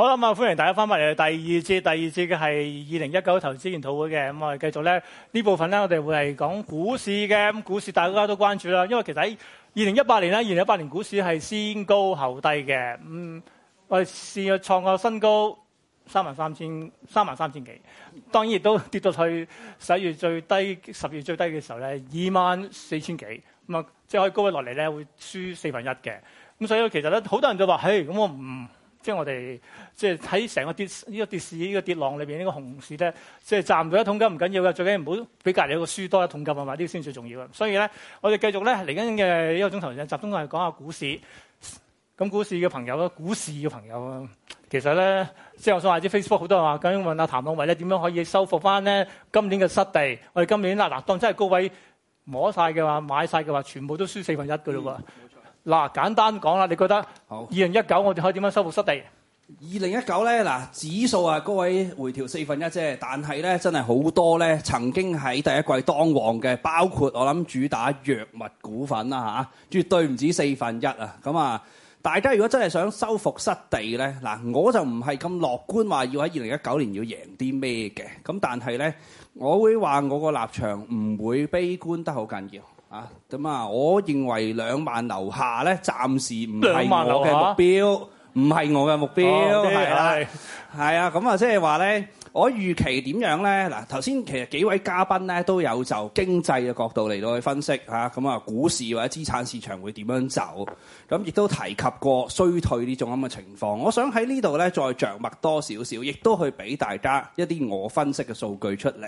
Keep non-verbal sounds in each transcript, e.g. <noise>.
好啦，咁啊，歡迎大家翻返嚟第二節，第二節嘅係二零一九投資研討會嘅。咁我哋繼續咧呢部分咧，我哋會係講股市嘅。咁股市大家都關注啦，因為其實喺二零一八年啦，二零一八年股市係先高後低嘅。咁我哋試過創個新高三萬三千三萬三千幾，當然亦都跌到去十一月最低、十月最低嘅時候咧，二萬四千幾。咁啊，即係可以高位落嚟咧，會輸四分一嘅。咁所以其實咧，好多人就話：「嘿，咁我唔。即係我哋即係喺成個跌呢、這個跌市呢、這個跌浪裏邊、這個、呢個熊市咧，即係賺唔到一桶金唔緊要嘅，最緊要唔好俾隔離個輸多一桶金啊嘛！呢先、這個、最重要嘅。所以咧，我哋繼續咧嚟緊嘅一個鐘頭，集中係講下股市。咁股市嘅朋友啦，股市嘅朋友啦，其實咧，即係我想話啲 Facebook 好多話，究竟問阿譚董衞咧點樣可以收復翻咧今年嘅失地？我哋今年嗱嗱當真係高位摸晒嘅話，買晒嘅話，全部都輸四分一嘅嘞喎！嗯嗱，簡單講啦，你覺得二零一九我哋可以點樣收復失地？二零一九咧，嗱指數啊，各位回調四分一啫，但係咧真係好多咧曾經喺第一季當旺嘅，包括我諗主打藥物股份啦吓，絕對唔止四分一啊！咁啊，大家如果真係想收復失地咧，嗱，我就唔係咁樂觀話要喺二零一九年要贏啲咩嘅。咁但係咧，我會話我個立場唔會悲觀得好緊要。啊，咁啊，我認為兩萬樓下呢，暫時唔係我嘅目標，唔係我嘅目標，係啊，係啊，咁 <laughs> 啊，即係話呢。我預期點樣呢？嗱，頭先其實幾位嘉賓咧都有就經濟嘅角度嚟到去分析吓，咁啊股市或者資產市場會點樣走？咁亦都提及過衰退呢種咁嘅情況。我想喺呢度咧再着墨多少少，亦都去俾大家一啲我分析嘅數據出嚟。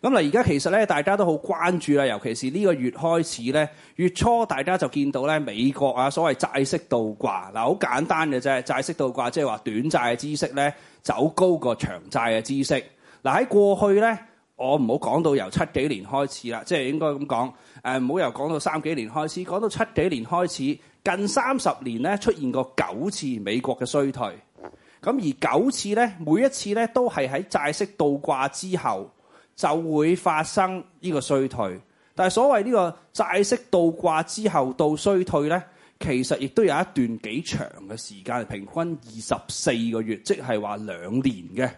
咁、啊、嗱，而家其實咧大家都好關注啦，尤其是呢個月開始咧，月初大家就見到咧美國啊所謂債息倒掛。嗱，好簡單嘅啫，債息倒掛即係話短債嘅孳息咧。走高個長債嘅知識，嗱、啊、喺過去呢，我唔好講到由七幾年開始啦，即、就、係、是、應該咁講，誒唔好由講到三幾年開始，講到七幾年開始，近三十年呢出現過九次美國嘅衰退，咁而九次呢，每一次呢都係喺債息倒掛之後就會發生呢個衰退，但係所謂呢個債息倒掛之後到衰退呢。其實亦都有一段幾長嘅時間，平均二十四個月，即係話兩年嘅。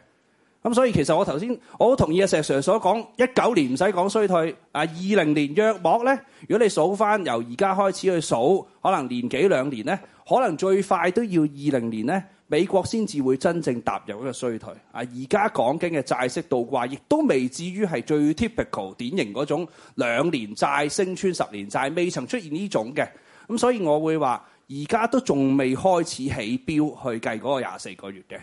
咁所以其實我頭先我同意阿石 Sir 所講，一九年唔使講衰退啊，二零年約莫呢。如果你數翻由而家開始去數，可能年幾兩年呢，可能最快都要二零年呢，美國先至會真正踏入一個衰退。啊，而家講緊嘅債息倒掛，亦都未至於係最 typical 典型嗰種兩年債升穿十年債，未曾出現呢種嘅。咁所以我會話，而家都仲未開始起標去計嗰個廿四個月嘅。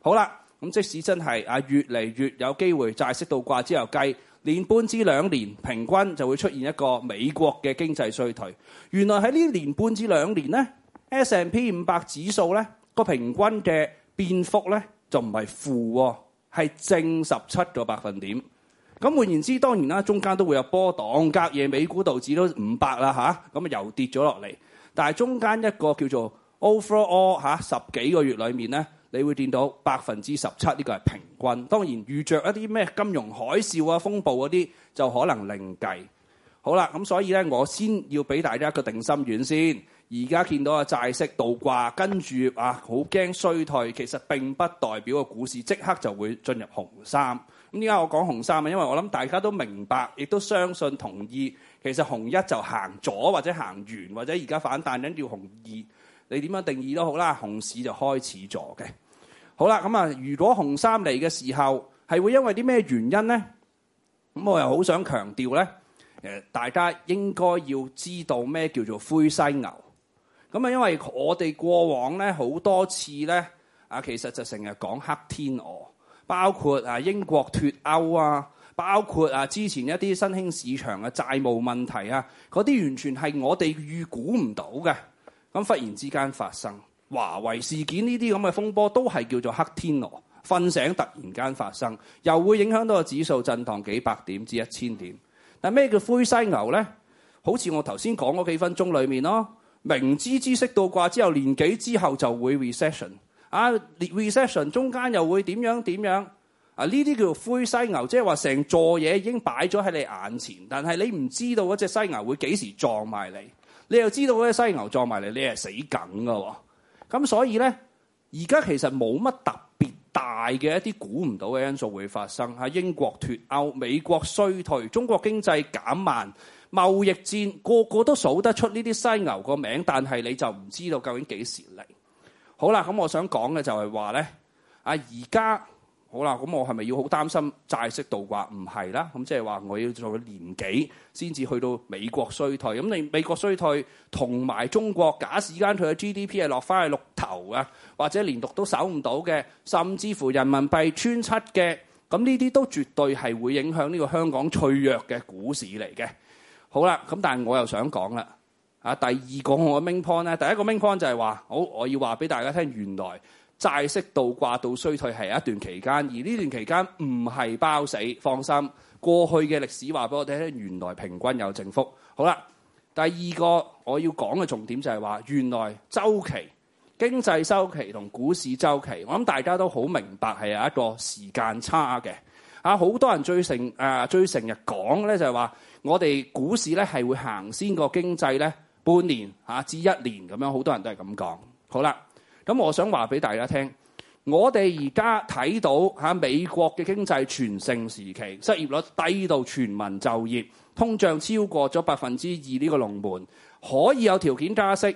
好啦，咁即使真係啊越嚟越有機會債息倒掛之後計，年半至兩年平均就會出現一個美國嘅經濟衰退。原來喺呢年半至兩年呢，S&P 五百指數呢個平均嘅變幅呢，就唔係負喎，係正十七個百分點。咁換言之，當然啦，中間都會有波動，隔夜美股道指都五百啦嚇，咁啊又跌咗落嚟。但係中間一個叫做 overall 嚇、啊、十幾個月裏面呢，你會見到百分之十七呢個係平均。當然遇着一啲咩金融海嘯啊、風暴嗰啲就可能另計。好啦，咁所以呢，我先要俾大家一個定心丸先。而家見到啊債息倒掛，跟住啊好驚衰退，其實並不代表個股市即刻就會進入紅三。咁依家我講紅三啊，因為我諗大家都明白，亦都相信同意，其實紅一就行咗，或者行完，或者而家反彈緊，叫紅二，你點樣定義都好啦，紅市就開始咗嘅。好啦，咁啊，如果紅三嚟嘅時候，係會因為啲咩原因呢？咁我又好想強調呢，誒，大家應該要知道咩叫做灰犀牛。咁啊，因為我哋過往呢好多次呢，啊，其實就成日講黑天鵝。包括啊英國脱歐啊，包括啊之前一啲新興市場嘅債務問題啊，嗰啲完全係我哋預估唔到嘅，咁忽然之間發生。華為事件呢啲咁嘅風波都係叫做黑天鵝，瞓醒突然間發生，又會影響到個指數震盪幾百點至一千點。但咩叫灰犀牛呢？好似我頭先講嗰幾分鐘裏面咯，明知知識倒掛之後年幾之後就會 recession。啊，recession 中間又會點樣點樣啊？啊，呢啲叫灰犀牛，即係話成座嘢已經擺咗喺你眼前，但係你唔知道嗰隻犀牛會幾時撞埋你。你又知道嗰隻犀牛撞埋你，你係死梗㗎喎。咁所以呢，而家其實冇乜特別大嘅一啲估唔到嘅因素會發生。喺、啊、英國脱歐、美國衰退、中國經濟減慢、貿易戰，個個都數得出呢啲犀牛個名，但係你就唔知道究竟幾時嚟。好啦，咁我想講嘅就係話呢。啊，而家好啦，咁我係咪要好擔心債息倒掛？唔係啦，咁即係話我要做年幾先至去到美國衰退？咁你美國衰退同埋中國假使而家佢嘅 GDP 係落翻去六頭啊，或者連續都守唔到嘅，甚至乎人民幣穿七嘅，咁呢啲都絕對係會影響呢個香港脆弱嘅股市嚟嘅。好啦，咁但係我又想講啦。啊，第二個我嘅 main point 咧，第一個 main point 就係話，好，我要話俾大家聽，原來債息倒掛到衰退係一段期間，而呢段期間唔係包死，放心。過去嘅歷史話俾我哋聽，原來平均有正幅。好啦，第二個我要講嘅重點就係話，原來周期、經濟周期同股市周期，我諗大家都好明白係有一個時間差嘅。啊，好多人追成誒、啊、追成日講咧，就係話我哋股市咧係會行先個經濟咧，半年吓至一年咁樣，好多人都係咁講。好啦，咁我想話俾大家聽，我哋而家睇到吓、啊、美國嘅經濟全盛時期，失業率低到全民就業，通脹超過咗百分之二呢個龍門，可以有條件加息。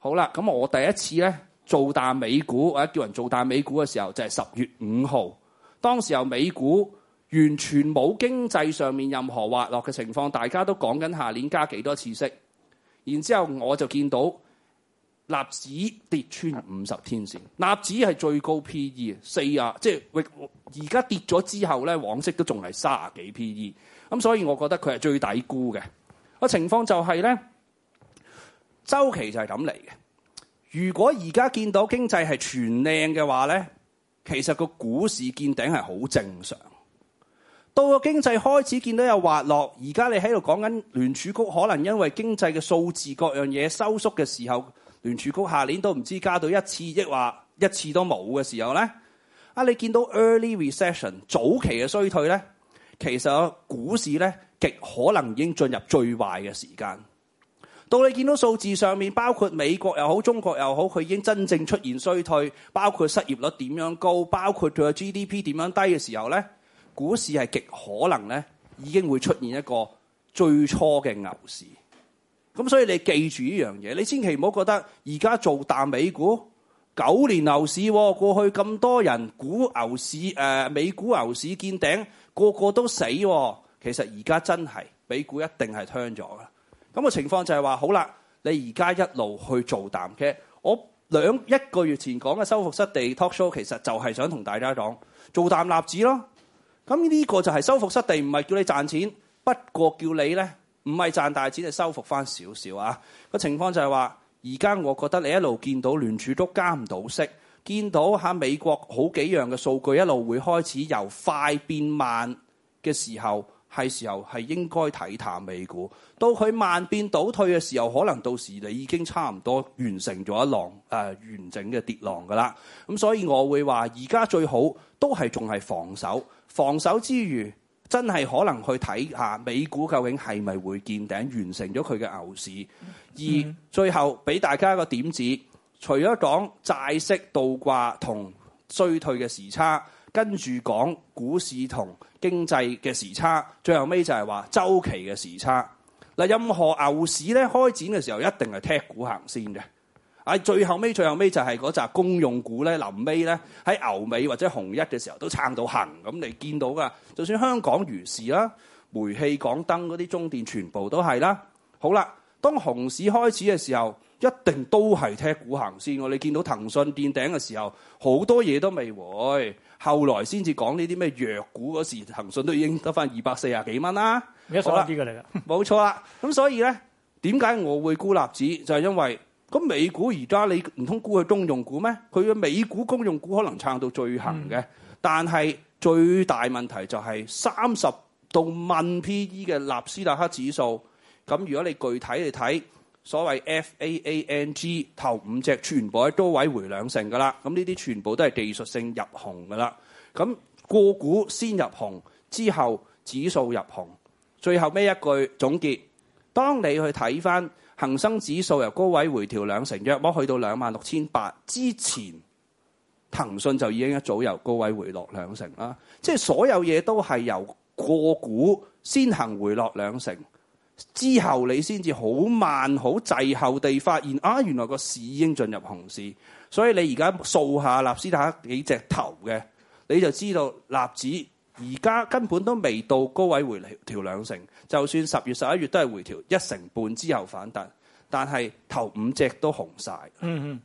好啦，咁我第一次呢做大美股或者、啊、叫人做大美股嘅時候，就係、是、十月五號。當時候美股完全冇經濟上面任何滑落嘅情況，大家都講緊下年加幾多次息。然之後我就見到納指跌穿五十天線，納指係最高 P E 四十，即係而家跌咗之後咧，往昔都仲係三十幾 P E，咁所以我覺得佢係最低估嘅。個情況就係咧，週期就係咁嚟嘅。如果而家見到經濟係全靚嘅話咧，其實個股市見頂係好正常。到個經濟開始見到有滑落，而家你喺度講緊聯儲局可能因為經濟嘅數字各樣嘢收縮嘅時候，聯儲局下年都唔知加到一次，抑或一次都冇嘅時候呢？啊！你見到 early recession 早期嘅衰退呢，其實股市呢極可能已經進入最壞嘅時間。到你見到數字上面，包括美國又好、中國又好，佢已經真正出現衰退，包括失業率點樣高，包括佢 GDP 點樣低嘅時候呢。股市係極可能咧，已經會出現一個最初嘅牛市。咁所以你記住呢樣嘢，你千祈唔好覺得而家做淡美股九年牛市喎，過去咁多人估牛市，誒，美股牛市見頂，個個都死喎。其實而家真係美股一定係㗎。咁個情況就係話好啦，你而家一路去做淡嘅。我兩一個月前講嘅收復失地 talk show，其實就係想同大家講做淡例子咯。咁呢個就係收復失地，唔係叫你賺錢，不過叫你呢，唔係賺大錢，係收復翻少少啊。個情況就係話，而家我覺得你一路見到聯儲都加唔到息，見到喺美國好幾樣嘅數據一路會開始由快變慢嘅時候，係時候係應該睇淡美股。到佢慢變倒退嘅時候，可能到時你已經差唔多完成咗一浪，誒，完整嘅跌浪㗎啦。咁所以我會話，而家最好都係仲係防守。防守之餘，真係可能去睇下美股究竟係咪會見頂，完成咗佢嘅牛市。而最後俾大家一個點子，除咗講債息倒掛同衰退嘅時差，跟住講股市同經濟嘅時差，最後尾就係話週期嘅時差。任何牛市咧，開展嘅時候，一定係踢股行先嘅。最後尾，最後尾就係嗰紮公用股咧，臨尾咧喺牛尾或者熊一嘅時候都撐到行咁，你見到噶。就算香港如是啦，煤氣、港燈嗰啲中電全部都係啦。好啦，當熊市開始嘅時候，一定都係踢股行先。我哋見到騰訊墊頂嘅時候，好多嘢都未回，後來先至講呢啲咩弱股嗰時，騰訊都已經得翻二百四十幾蚊啦。嚟冇 <laughs> 錯啦，咁所以咧，點解我會孤立子？就係、是、因為。咁美股而家你唔通估佢公用股咩？佢嘅美股公用股可能撐到最行嘅，嗯，但係最大問題就係三十到萬 PE 嘅納斯達克指數。咁如果你具體嚟睇，所謂 FAANG 頭五隻全部喺高位回兩成㗎啦。咁呢啲全部都係技術性入紅㗎啦。咁個股先入紅，之後指數入紅。最後尾一句總結，當你去睇翻。恒生指數由高位回調兩成，約莫去到兩萬六千八之前，騰訊就已經一早由高位回落兩成啦。即係所有嘢都係由個股先行回落兩成，之後你先至好慢好滯後地發現啊，原來個市已經進入熊市。所以你而家掃下納斯達克幾隻頭嘅，你就知道納指。而家根本都未到高位回調兩成，就算十月十一月都係回調一成半之後反彈，但係頭五隻都紅晒。嗯嗯，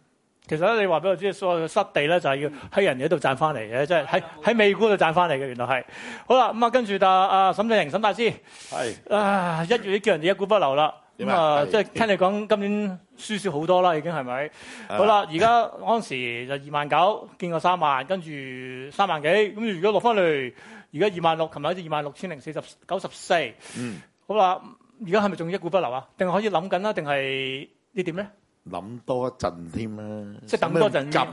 其實咧你話俾我知，所有嘅失地咧就係要喺人哋度賺翻嚟嘅，即係喺喺美股度賺翻嚟嘅，原來係。好啦，咁、嗯、啊跟住阿阿沈振盈沈大師，係啊一月都叫人哋一股不留啦。點啊？即、嗯、係、嗯就是、聽你講今年輸少好多啦，已經係咪？好啦，而家陣時就二萬九，見過三萬，跟住三萬幾，咁如果落翻嚟。而家二萬六，琴日好似二萬六千零四十九十四。嗯，好啦，而家係咪仲一股不留啊？定可以諗緊啊？定係呢點咧？諗多一陣添啦，即係等多陣。想不想那急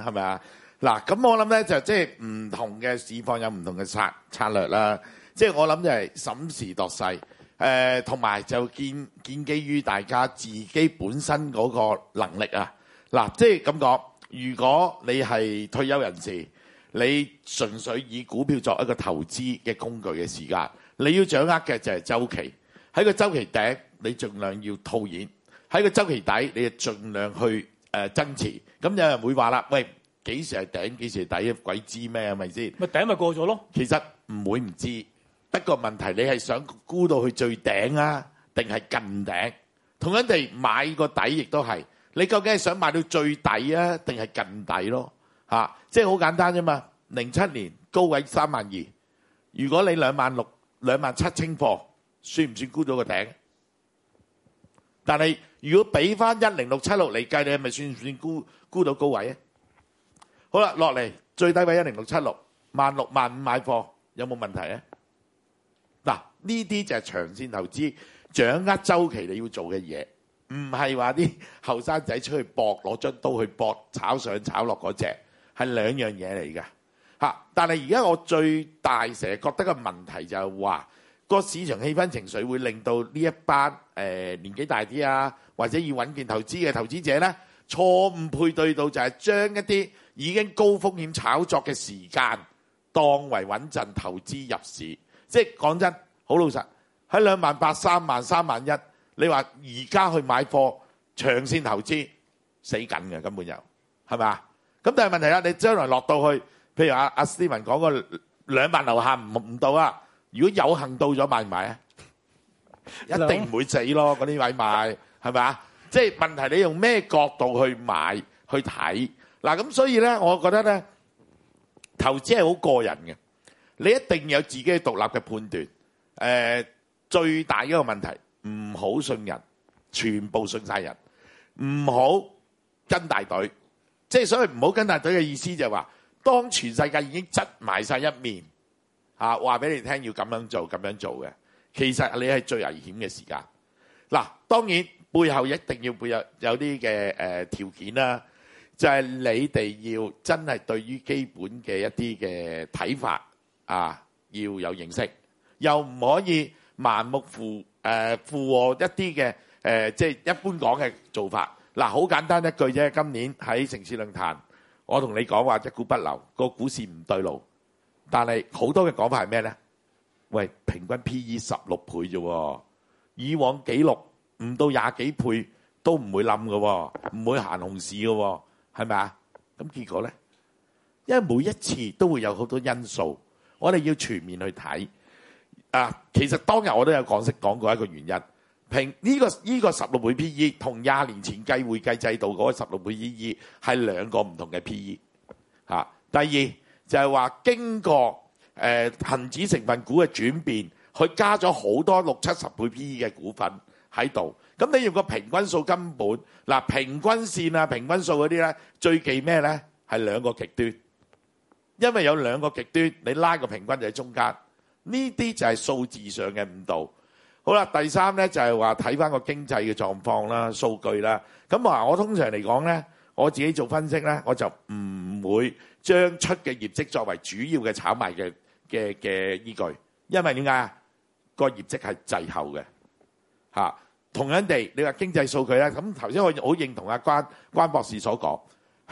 啊，係咪啊？嗱、嗯，咁我諗咧就即係唔同嘅市況有唔同嘅策策略啦。即、就、係、是、我諗就係審時度勢，誒、呃，同埋就建建基於大家自己本身嗰個能力啊。嗱、嗯，即係咁講，如果你係退休人士。你純粹以股票作為一個投資嘅工具嘅時間，你要掌握嘅就係週期。喺個週期頂，你盡量要套現；喺個週期底，你就盡量去誒增持。咁有人會話啦：喂，幾時係頂？幾時係底？鬼知咩？係咪先？咪頂咪過咗咯。其實唔會唔知，不過問題你係想沽到去最頂啊，定係近頂？同樣地買個底亦都係，你究竟係想買到最底啊，定係近底咯？嚇、啊，即係好簡單啫嘛。零七年高位三萬二，如果你兩萬六、兩萬七清貨，算唔算沽到個頂？但係如果俾翻一零六七六嚟計，你係咪算唔算沽沽到高位啊？好啦，落嚟最低位一零六七六，萬六萬五買貨有冇問題啊？嗱，呢啲就係長線投資，掌握周期你要做嘅嘢，唔係話啲後生仔出去搏，攞張刀去搏，炒上炒落嗰隻。係兩樣嘢嚟嘅，嚇！但係而家我最大成日覺得嘅問題就係話，個市場氣氛情緒會令到呢一班誒年紀大啲啊，或者要穩健投資嘅投資者呢，錯誤配對到就係將一啲已經高風險炒作嘅時間當為穩陣投資入市。即係講真，好老實，喺兩萬八、三萬、三萬一，你話而家去買貨長線投資死緊嘅，根本就，係咪啊？咁但係問題啦，你將來落到去，譬如阿阿斯文講個兩萬樓下唔唔到啊！如果有幸到咗買唔買啊？一定唔會死咯！嗰啲位買係咪啊？即係問題，你用咩角度去買去睇嗱？咁所以咧，我覺得咧，投資係好個人嘅，你一定有自己獨立嘅判斷。誒，最大一個問題唔好信人，全部信曬人，唔好跟大隊。即、就、係、是、所以唔好跟大隊嘅意思就係話，當全世界已經質埋晒一面，啊話俾你聽要咁樣做咁樣做嘅，其實你係最危險嘅時間。嗱、啊，當然背後一定要有有啲嘅誒條件啦，就係、是、你哋要真係對於基本嘅一啲嘅睇法啊要有認識，又唔可以盲目附誒附和一啲嘅誒即係一般講嘅做法。嗱，好簡單一句啫。今年喺城市論壇，我同你講話一股不留，個股市唔對路。但係好多嘅講法係咩呢？喂，平均 PE 十六倍啫，以往記錄唔到廿幾倍都唔會冧嘅，唔會行紅市嘅，係咪啊？咁結果呢？因為每一次都會有好多因素，我哋要全面去睇。啊，其實當日我都有講識講過一個原因。平、這、呢個呢、這個十六倍 P/E 同廿年前計會計制度嗰十六倍 P/E 係兩個唔同嘅 P/E 嚇、啊。第二就係、是、話經過誒恆、呃、指成分股嘅轉變，佢加咗好多六七十倍 P/E 嘅股份喺度。咁你要個平均數根本嗱、啊、平均線啊、平均數嗰啲咧，最忌咩咧？係兩個極端，因為有兩個極端，你拉個平均就喺中間。呢啲就係數字上嘅誤導。好啦，第三呢就係話睇翻個經濟嘅狀況啦、數據啦。咁啊，我通常嚟講呢，我自己做分析呢，我就唔會將出嘅業績作為主要嘅炒賣嘅嘅嘅依據，因為點解啊？個業績係滯後嘅嚇。同樣地，你話經濟數據呢，咁頭先我好認同阿、啊、關，關博士所講，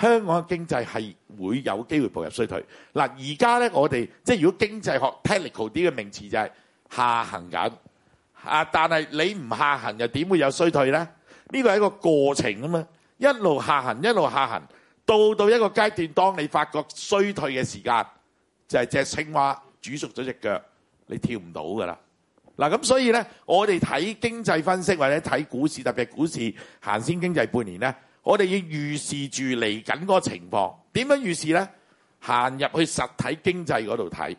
香港經濟係會有機會步入衰退。嗱、啊，而家呢，我哋即係如果經濟學 technical 啲嘅名詞就係下行緊。啊！但係你唔下行又點會有衰退呢？呢、呢個係一個過程啊嘛，一路下行一路下行，到到一個階段，當你發覺衰退嘅時間，就係、係、隻青蛙煮熟咗隻腳，你跳唔到噶啦。嗱、啊、咁，所以呢，我哋睇經濟分析或者睇股市，特別股市行先經濟半年呢，我哋要預視住嚟緊嗰個情況，點樣預視呢？行入去實體經濟嗰度睇。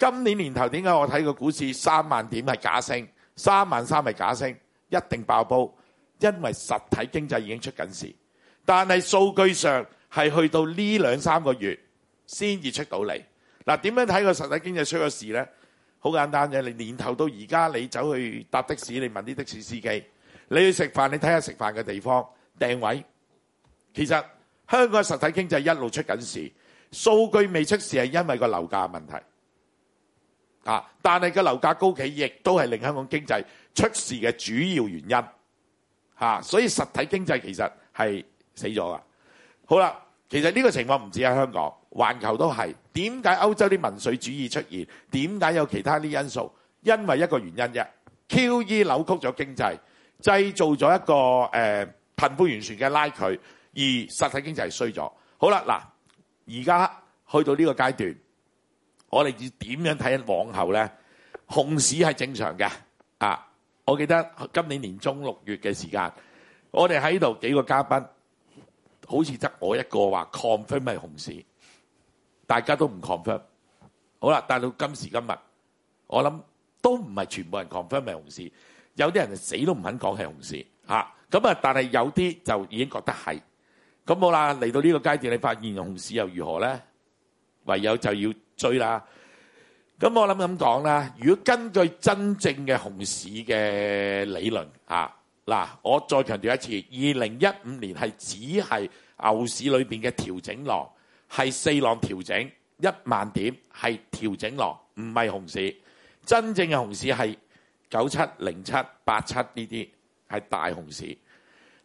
今年年頭點解我睇個股市三萬點係假升，三萬三係假升，一定爆煲，因為實體經濟已經出緊事。但係數據上係去到呢兩三個月先至出到嚟。嗱，點樣睇個實體經濟出咗事呢？好簡單嘅，你年頭到而家，你走去搭的士，你問啲的士司機，你去食飯，你睇下食飯嘅地方訂位。其實香港實體經濟一路出緊事，數據未出事係因為個樓價問題。啊！但係個樓價高企，亦都係令香港經濟出事嘅主要原因，啊。所以實體經濟其實係死咗噶。好啦，其實呢個情況唔止喺香港，環球都係。點解歐洲啲民粹主義出現？點解有其他啲因素？因為一個原因啫。QE 扭曲咗經濟，製造咗一個貧富懸殊嘅拉距，而實體經濟係衰咗。好啦，嗱、啊，而家去到呢個階段。我哋要點樣睇往後咧？熊市係正常嘅啊！我記得今年年中六月嘅時間，我哋喺度幾個嘉賓，好似得我一個話 confirm 係熊市，大家都唔 confirm。好啦，但到今時今日，我諗都唔係全部人 confirm 係熊市，有啲人死都唔肯講係熊市嚇。咁啊，但係有啲就已經覺得係。咁好啦，嚟到呢個階段，你發現熊市又如何咧？唯有就要追啦。咁我諗咁講啦，如果根據真正嘅熊市嘅理論啊，嗱，我再強調一次，二零一五年係只係牛市裏邊嘅調整浪，係四浪調整，一萬點係調整浪，唔係熊市。真正嘅熊市係九七、零七、八七呢啲係大熊市。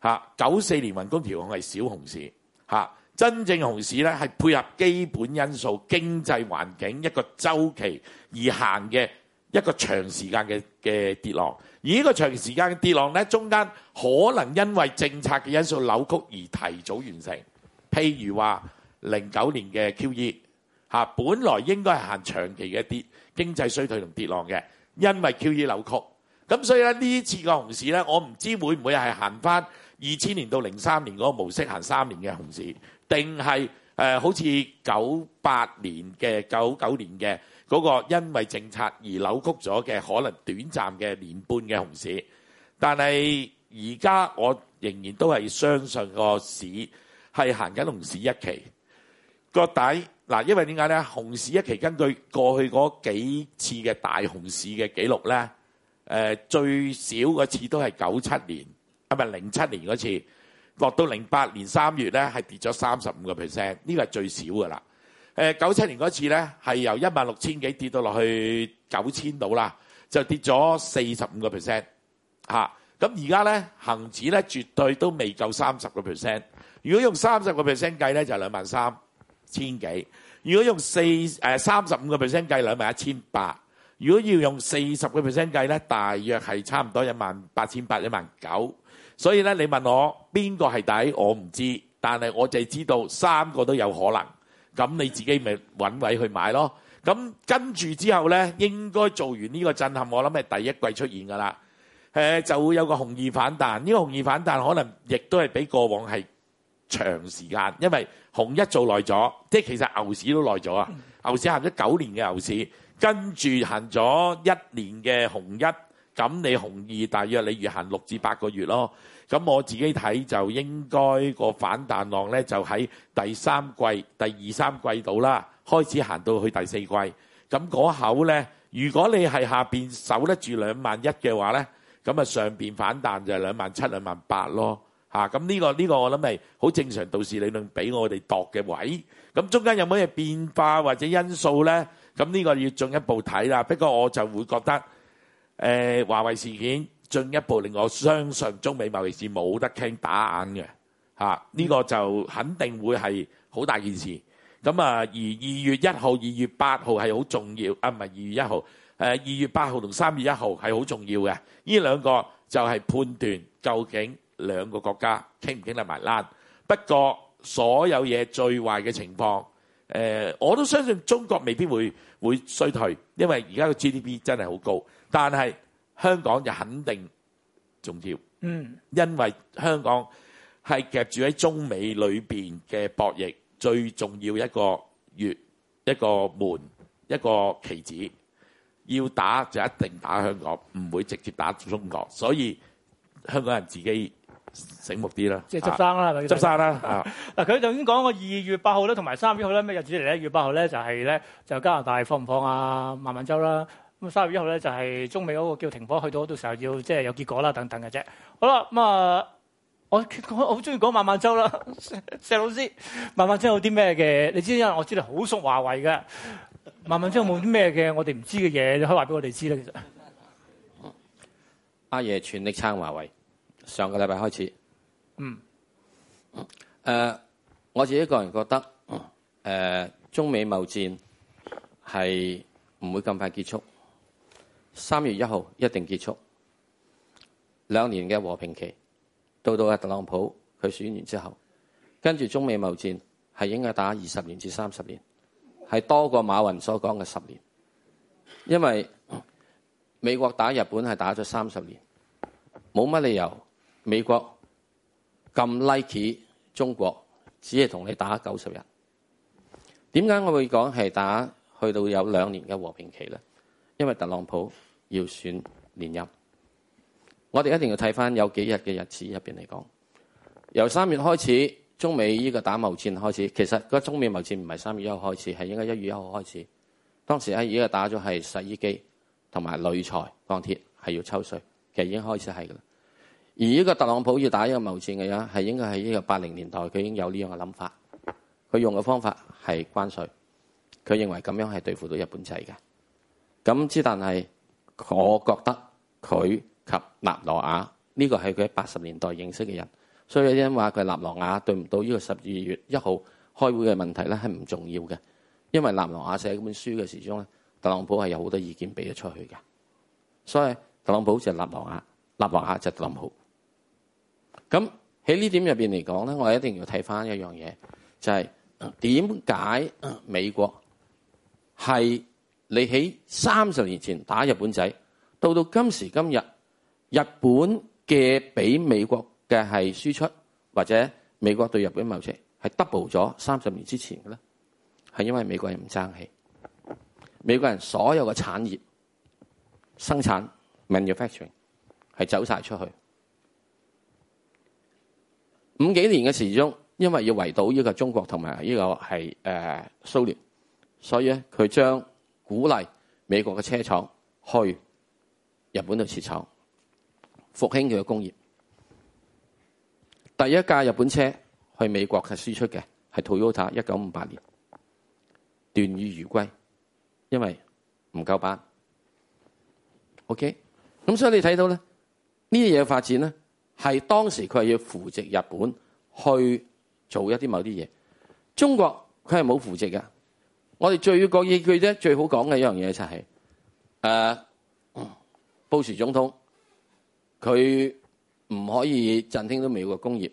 吓、啊，九四年宏觀調控係小熊市。吓、啊。真正熊市咧，係配合基本因素、經濟環境一個周期而行嘅一個長時間嘅跌浪。而呢個長時間嘅跌浪咧，中間可能因為政策嘅因素扭曲而提早完成。譬如話零九年嘅 QE 吓，本來應該係行長期嘅跌經濟衰退同跌浪嘅，因為 QE 扭曲。咁所以呢次嘅熊市咧，我唔知會唔會係行翻二千年到零三年嗰個模式行三年嘅熊市。定係誒，好似九八年嘅、九九年嘅嗰、嗰個，因為政策而扭曲咗嘅可能短暫嘅年半嘅熊市。但係而家我仍然都係相信個市係行緊熊市一期。個底嗱，因為點解呢？熊市一期根據過去嗰幾次嘅大熊市嘅記錄呢，誒、呃、最少嗰次都係九七年，係咪零七年嗰次？落到零八年三月咧，係跌咗三十五個 percent，呢個係最少㗎喇。誒，九七年嗰次咧，係由一萬六千幾跌到落去九千度啦，就跌咗四十五個 percent 嚇。咁而家咧，恒指咧，絕對都未夠三十個 percent。如果用三十個 percent 計咧，就兩萬三千幾；如果用四、誒三十五個 percent 計，兩萬一千八；如果要用四十個 percent 計咧，大約係差唔多一萬八千八、一萬九。所以咧，你問我邊個係底，我唔知，但係我就知道三個都有可能。咁你自己咪揾位去買咯。咁跟住之後呢，應該做完呢個震撼，我諗係第一季出現噶啦，呃，就會有個熊二反彈。呢個熊二反彈可能亦都係比過往係長時間，因為熊一做耐咗，即係其實牛市都耐咗啊。牛市行咗九年嘅牛市，跟住行咗一年嘅熊一。咁你紅二大約你越行六至八個月咯，咁我自己睇就應該個反彈浪咧就喺第三季、第二三季度啦，開始行到去第四季，咁嗰口咧，如果你係下面守得住兩萬一嘅話咧，咁啊上面反彈就係兩萬七、兩萬八咯，嚇咁呢個呢、這個我諗係好正常道氏理論俾我哋度嘅位，咁中間有冇嘢變化或者因素咧？咁呢個要進一步睇啦。不過我就會覺得。誒、呃、華為事件進一步令我相信，中美貿易戰冇得傾打硬嘅嚇。呢個就肯定會係好大件事咁啊。而二月一號、二月八號係好重要啊，唔係二月一號誒，啊、二月八號同三月一號係好重要嘅。呢兩個就係判斷究竟兩個國家傾唔傾得埋啦。不過所有嘢最壞嘅情況誒、呃，我都相信中國未必會會衰退，因為而家嘅 G D P 真係好高。但係香港就肯定重要，嗯，因為香港係夾住喺中美裏邊嘅博弈最重要一個穴、一個門、一個棋子，要打就一定打香港，唔會直接打中國，所以香港人自己醒目啲啦，即係執生啦係咪？執生啦，嗱佢就已經講過二月八號咧，同埋三月一號咧咩日子嚟咧？二月八號咧就係咧就加拿大放唔放阿孟晚舟啦。咁三月一號咧就係、是、中美嗰個叫停火，去到到時候要即係、就是、有結果啦，等等嘅啫。好啦，咁、嗯、啊，我好中意講孟晚舟啦，石老師，孟晚舟有啲咩嘅？你知唔知？因為我知道好熟華為嘅，孟晚舟有冇啲咩嘅我哋唔知嘅嘢，你可以話俾我哋知咧。其實，阿爺全力撐華為，上個禮拜開始。嗯。誒、uh，我自己個人覺得，誒、uh，中美貿戰係唔會咁快結束。三月一號一定結束，兩年嘅和平期，到到特朗普佢選完之後，跟住中美貿戰係，應該打二十年至三十年，係多過馬雲所講嘅十年，因為美國打日本係打咗三十年，冇乜理由美國咁 like 中國，只係同你打九十日，點解我會講係打去到有兩年嘅和平期呢？因為特朗普要選連任，我哋一定要睇翻有幾日嘅日子入面嚟講。由三月開始，中美呢個打貿戰開始，其實個中美貿戰唔係三月一號開始，係應該一月一號開始。當時喺依家打咗係洗衣機同埋鋁材、鋼鐵係要抽稅，其實已經開始係噶啦。而呢個特朗普要打呢個貿戰嘅呀，係應該係呢個八零年代佢已經有呢樣嘅諗法，佢用嘅方法係關稅，佢認為咁樣係對付到日本仔嘅。咁之，但係我覺得佢及納羅亞呢個係佢喺八十年代認識嘅人，所以有啲人話佢納羅亞對唔到呢個十二月一號開會嘅問題咧係唔重要嘅，因為納羅亞寫嗰本書嘅時鐘咧，特朗普係有好多意見俾咗出去嘅，所以特朗普就納羅亞，納羅亞就係特朗普。咁喺呢點入邊嚟講咧，我係一定要睇翻一樣嘢，就係點解美國係？你喺三十年前打日本仔，到到今時今日，日本嘅比美國嘅係輸出，或者美國對日本貿易係 double 咗三十年之前嘅咧，係因為美國人唔爭氣，美國人所有嘅產業生產 manufacturing 係走晒出去。五幾年嘅時鐘，因為要圍堵呢個中國同埋呢個係誒蘇聯，所以咧佢將。鼓勵美國嘅車廠去日本度設廠，復興佢嘅工業。第一架日本車去美國係輸出嘅，係 Toyota，一九五八年，鎩羽而歸，因為唔夠班。OK，咁所以你睇到呢，呢啲嘢、這個、發展呢，係當時佢係要扶植日本去做一啲些某啲些嘢，中國佢係冇扶植嘅。我哋最講意句最好講嘅一樣嘢就係、是，誒、呃，布什總統佢唔可以振興到美國工業。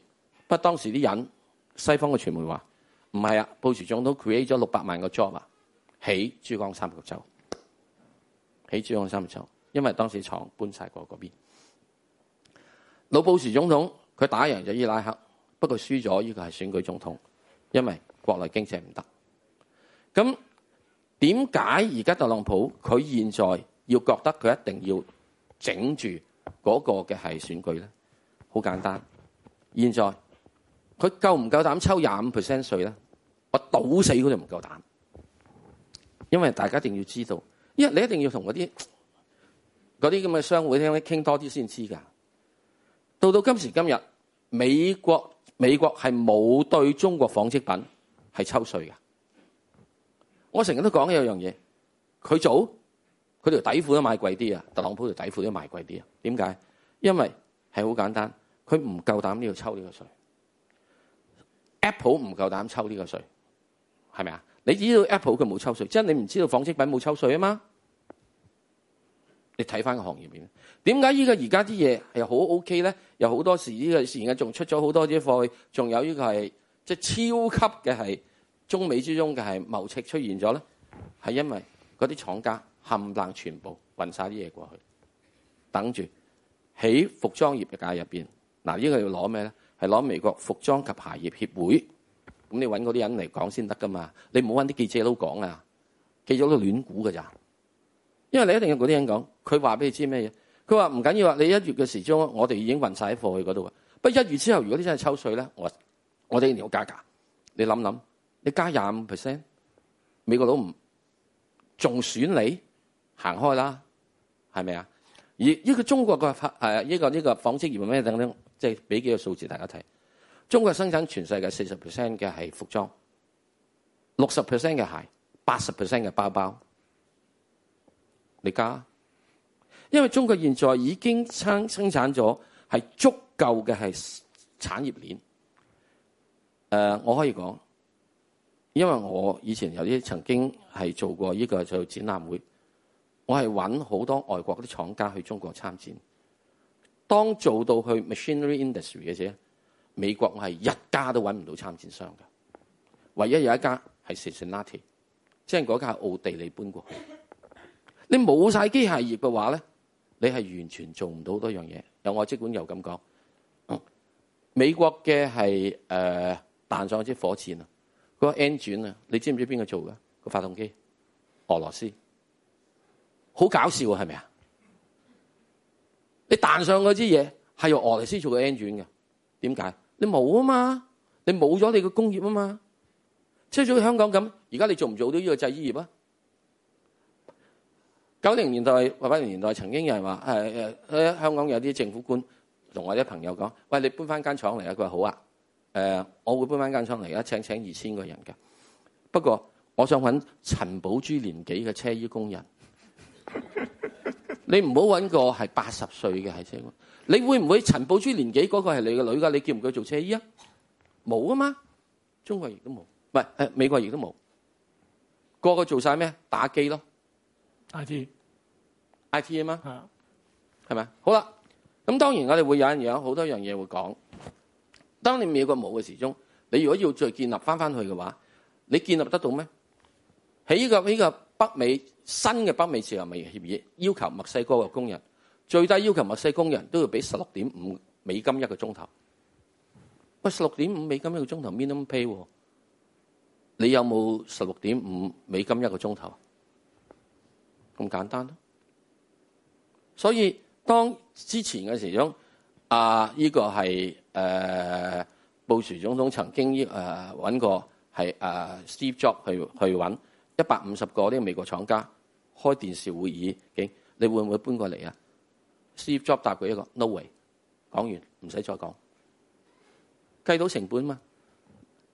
不過當時啲人西方嘅傳媒話唔係啊，布什總統 create 咗六百萬個 job 啊，起珠江三角洲，起珠江三角洲，因為當時廠搬晒過去嗰邊。老布什總統佢打贏咗伊拉克，不過輸咗呢個係選舉總統，因為國內經濟唔得。咁點解而家特朗普佢現在要覺得佢一定要整住嗰個嘅係選舉咧？好簡單，現在佢夠唔夠膽抽廿五 percent 稅咧？我倒死佢都唔夠膽，因為大家一定要知道，因為你一定要同嗰啲嗰啲咁嘅商會聽咧傾多啲先知㗎。到到今時今日，美國美國係冇對中國紡織品係抽稅㗎。我成日都講有樣嘢，佢做佢條底褲都賣貴啲啊！特朗普條底褲都賣貴啲啊！點解？因為係好簡單，佢唔夠膽呢度抽呢個稅。Apple 唔夠膽抽呢個稅，係咪啊？你知道 Apple 佢冇抽稅，即係你唔知道紡織品冇抽稅啊嘛？你睇翻個行業面，點解依個而家啲嘢係好 OK 咧？有好多時呢個事而家仲出咗好多啲貨，仲有呢個係即係超級嘅係。中美之中嘅係貿斥出現咗是係因為嗰啲廠家冚唪唥全部運曬啲嘢過去，等住喺服裝業嘅界入邊嗱，呢、啊呢個要攞咩呢？係攞美國服裝及鞋業協會咁，那你揾嗰啲人嚟講先得噶嘛。你唔好揾啲記者都講記、啊、記者都亂估嘅咋。因為你一定要嗰啲人講，佢話俾你知咩嘢？佢話唔緊要啊，你一月嘅時鐘我哋已經運晒貨去嗰度啊。不然一月之後，如果你真係抽稅呢，我我哋要加價格。你諗諗。你加廿五 percent，美國佬唔仲選你，行開啦，係咪啊？而呢個中國嘅，匹、啊、係一個呢個紡織業咩等咧，即係俾幾個數字大家睇。中國生產全世界四十 percent 嘅係服裝，六十 percent 嘅鞋，八十 percent 嘅包包，你加，因為中國現在已經產生產咗係足夠嘅係產業鏈。誒、呃，我可以講。因為我以前有啲曾經係做過依個就展覽會我係揾好多外國嗰啲廠家去中國參展。當做到去 machinery industry 嘅時，美國我係一家都揾唔到參展商嘅。唯一有一家係 Cincinnati 即係嗰家係奧地利搬過去。你冇曬機械業嘅話咧，你係完全做唔到好多樣嘢。有我即管又咁講、嗯，美國嘅係誒彈上嗰啲火箭啊！那個 n g 啊，你知唔知邊個做噶、那個發動機？俄羅斯好搞笑喎，係咪啊？你彈上嗰啲嘢係由俄羅斯做個 n g i 嘅，點解？你冇啊嘛，你冇咗你個工業啊嘛。即係好似香港咁，而家你做唔做到呢個製衣業啊？九零年代、八八年年代曾經有人話誒誒，香港有啲政府官同我啲朋友講，喂，你搬翻間廠嚟啊！佢話好啊。誒、呃，我會搬翻間廠嚟，而家請請二千個人嘅。不過，我想揾陳寶珠年紀嘅車衣工人。 <laughs> 你唔好揾個係八十歲嘅係車衣。你會唔會陳寶珠年紀嗰個係你嘅女㗎？你叫唔叫佢做車衣啊？冇啊嘛，中國亦都冇，唔係誒美國亦都冇。個個做晒咩？打機咯，I T，I T 啊嘛，係、yeah. 咪？好啦，咁當然我哋會有一樣，好多樣嘢會講。當你美國冇嘅時鐘，你如果要再建立翻翻去嘅話，你建立得到咩？喺呢個呢個北美新嘅北美自由貿易協議，要求墨西哥嘅工人最低要求墨西哥工人都要俾十六點五美金一個鐘頭。喂，十六點五美金一個鐘頭 minimum pay，你有冇十六點五美金一個鐘頭？咁簡單咯。所以當之前嘅時鐘。啊！呢、這個係誒布殊總統曾經誒揾、呃、過係誒、呃、Steve Jobs 去去揾一百五十個呢個美國廠家開電視會議，你會唔會搬過嚟啊？Steve Jobs 答佢一個 no way，講完唔使再講，計到成本嘛？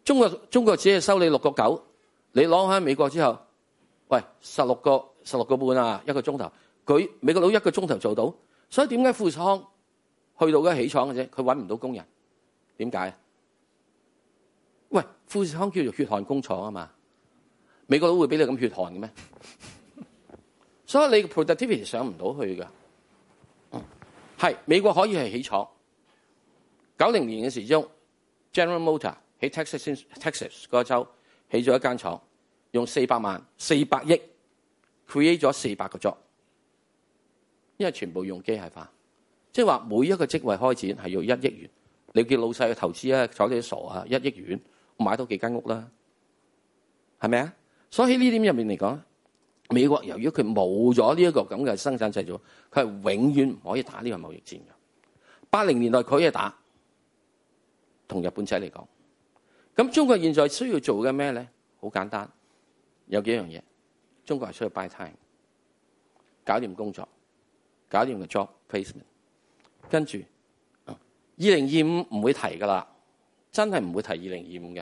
中國中國只係收你六個九，你攞喺美國之後，喂，十六個十六個半啊一個鐘頭，佢美國佬一個鐘頭做到，所以點解富士康？去到而家起廠嘅啫，佢揾唔到工人，點解？喂，富士康叫做血汗工廠啊嘛，美國佬會俾你咁血汗嘅咩？ <laughs> 所以你嘅 productivity 上唔到去噶，係，嗯、美國可以係起廠。九零年嘅時鐘，General Motors 喺 Texas Texas 嗰州起咗一間廠，用四百萬、四百億 create 咗四百個 job，因為全部用機械化。即係話每一個職位開展係要一億元，你要叫老細去投資啊，坐你傻啊，一億元買多幾間屋啦，係咪啊？所以呢點入面嚟講，美國由於佢冇咗呢一個咁嘅生產製造，佢係永遠唔可以打呢個貿易戰嘅。八零年代佢嘢打同日本仔嚟講，咁中國現在需要做嘅咩咧？好簡單，有幾樣嘢，中國係需要 buy time，搞掂工作，搞掂個 job placement。跟住，二零二五唔會提噶啦，真係唔會提二零二五嘅。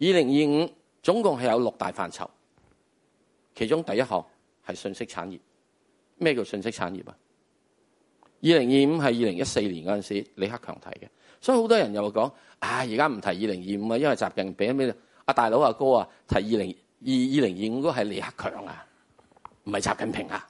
二零二五總共係有六大範疇，其中第一項係信息產業。咩叫信息產業啊？二零二五係二零一四年嗰陣時李克強提嘅，所以好多人又會講：，唉、啊，而家唔提二零二五啊，因為習近平俾咩啊？大佬啊哥啊，提二零二二零二五都係李克強啊，唔係習近平啊。